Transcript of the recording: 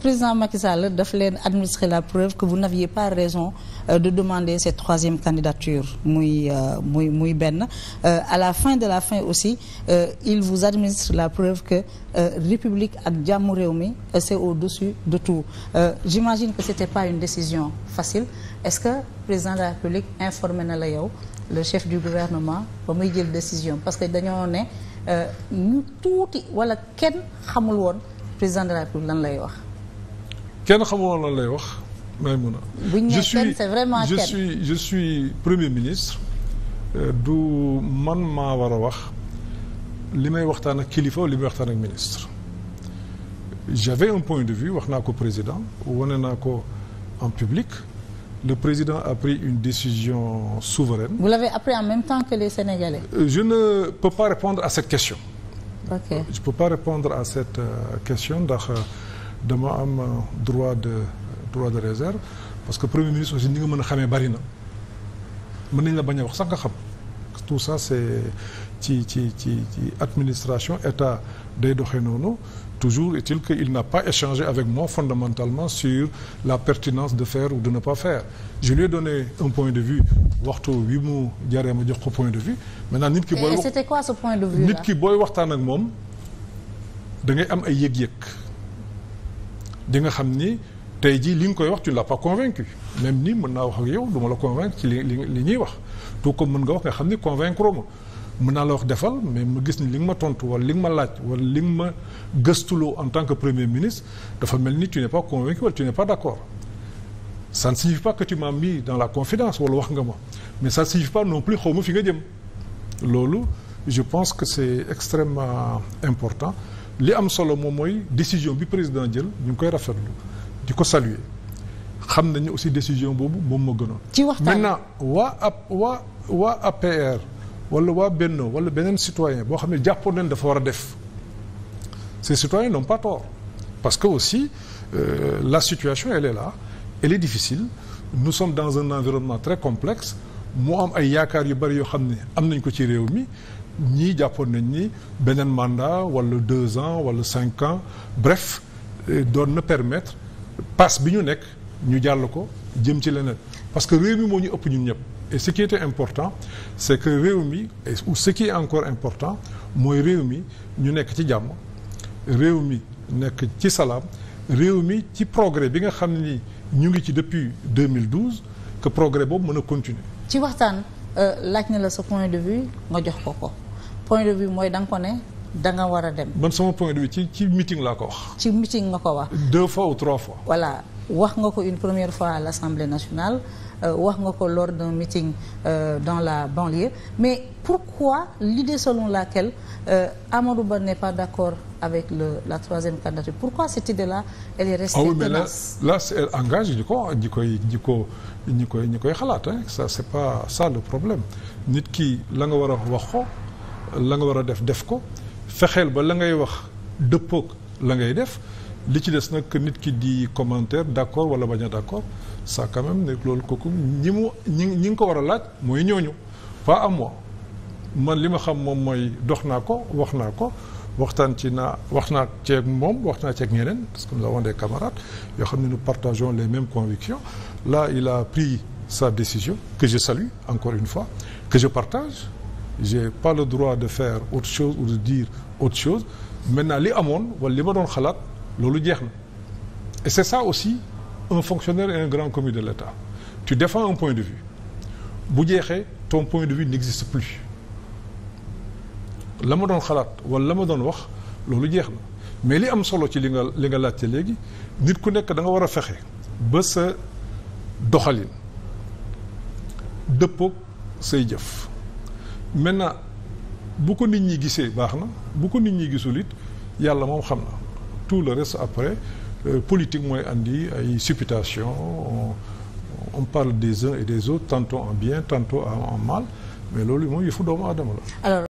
président Macky Sall daf leen administrer la preuve que vous n'aviez pas raison euh, de demander cette troisième candidature muy euh, muy muy benn euh, à la fin de la fin aussi il vous administre la preuve que république ak jàmmu réew mi c'est au-dessus de tout j'imagine que c'était pas une décision facile est-ce que président de la république informé na la yow le chef du gouvernement ba muy jël décision parce que dañoo ne wala kenn xamul woon président de la république lay wax kenn xamoo lan lay wax Maïmouna je suis je suis je suis premier ministre euh, du man ma war a wax li may waxtaan ak kilifa li may waxtaan ak ministre j'avais un point de vue wax naa ko président wane naa ko en public le président a pris une décision souveraine. Vous l'avez appris en même temps que les Sénégalais. Euh, je ne peux pas répondre à cette question. OK. Je à cette euh, question ndax dama am euh, droit de droit de réserve parce que premier ministre aussi ni nga mën a xamee bari na mën nañ la bañ a wax sax nga xam tout ça c'est ci ci ci ci administration état day doxee noonu toujours est-il qu'il n'a pas échangé avec moi fondamentalement sur la pertinence de faire ou de ne pas faire je lui ai donné point de vue waxtu wi mu jaree ma jox ko point de vue maintenant nit ki booy c'était quoi ce point nit ki booy waxtaan ak moom da ngay am ay yëg-yëg di nga xam ni tey jii li nga koy wax tu ne l'as pas convaincu même nii mën naa wax ak yow duma ma la convaincre ci li li ñuy wax tout comme mën nga wax nga xam ni convaincre ma mën naa la wax defal mais mu gis ni li nga ma tontu wala li nga ma laaj wala li nga ma gëstuloo en tant que premier ministre dafa mel ni tu n'es pas convaincu wala tu n'es pas d'accord ça ne signifie pas que tu m'as mis dans la confidence wala wax nga ma mais sa ne signifie pas non plus xaw ma fi nga jëm loolu je pense que c'est extrêmement important li am solo moom mooy décision bi président jël ñu ngi koy rafetlu di ko saluer xam nañu aussi décision boobu moom ma gënoon. ci waxtaan maintenant waa ab waa waa APR walla waa Benno wala beneen citoyen boo xam ne jàppoon nañ dafa war a def ces citoyens n'ont pas tort parce que aussi euh, la situation elle est là elle est difficile nous sommes dans un environnement très complexe mu am ay yaakaar yu bari yoo xam ne am nañ ko ci réew mi. ñii jàppoon nañ ni beneen mandat wala deux ans wala cinq ans bref euh, doon na permettre passe bi ñu nekk ñu jàll ko jëm ci leneen parce que réew mi moo ñu ëpp ñun ñëpp et ce important c'est que réew mi ou ce encore important mooy réew mi ñu nekk ci jàmm réew mi nekk ci salaam réew mi ci progrès bi nga xam ni ñu ngi ci depuis 2012 que progrès boobu mën a continuer ci waxtaan euh, laaj na la sa point de vue nga jox ko ko point de vue mooy da nga ko da nga war a dem. man sama point de vue ci ci meeting laa ko wax. ci meeting nga ko wax. deux fois ou trois wax nga ko une première fois à l' assemblée nationale euh, wax nga ko lors d'un meeting euh, dans la banlieue mais pourquoi l'idée selon laquelle euh, Amadou Ba n'est pas d'accord avec le la troisième candidature pourquoi cette idée-là elle est restée ah oui, mais tenace là, là elle engage ñi ko ñi koy ñi ko ñi koy ñi koy xalaat ça c'est pas ça le problème nit ki la nga war a wax ko la nga war a def def ko fexeel ba la ngay wax dëppoog la ngay def li ci des nag nit ki di commentaire d'accord wala bañ a d'accord ça quand même nekk loolu kooku ñi mu ñi ñi nga ko war a laaj mooy ñooñu pas à moi man li ma xam moom mooy dox naa ko wax naa ko waxtaan ci naa wax naa ceeg moom wax naa ceeg ñeneen parce que nous des camarades yoo xam ne nu partageons les mêmes convictions là il a pris sa décision que je salue encore une fois que je partage j'ai pas le droit de faire autre chose ou de dire autre chose maintenant li amoon wala li ma doon xalaat loolu jeex na et c'est ça aussi un fonctionnaire et un grand commis de l'État tu défends un point de vue bu jeexee ton point de vue n'existe plus la ma doon xalaat wala la ma doon wax loolu jeex na mais li am solo ci li nga li nga laajte léegi nit ku nekk da nga war a fexe ba sa doxalin dëppoog say jëf maintenant bu ko nit ñi gisee baax na bu ko nit ñi gisul it yàlla moom xam na tout le reste après euh, politique mooy andi ay supputation on, on parle des uns et des autres tantôt en bien tantôt en, en mal mais loolu moom fu doomu aadama la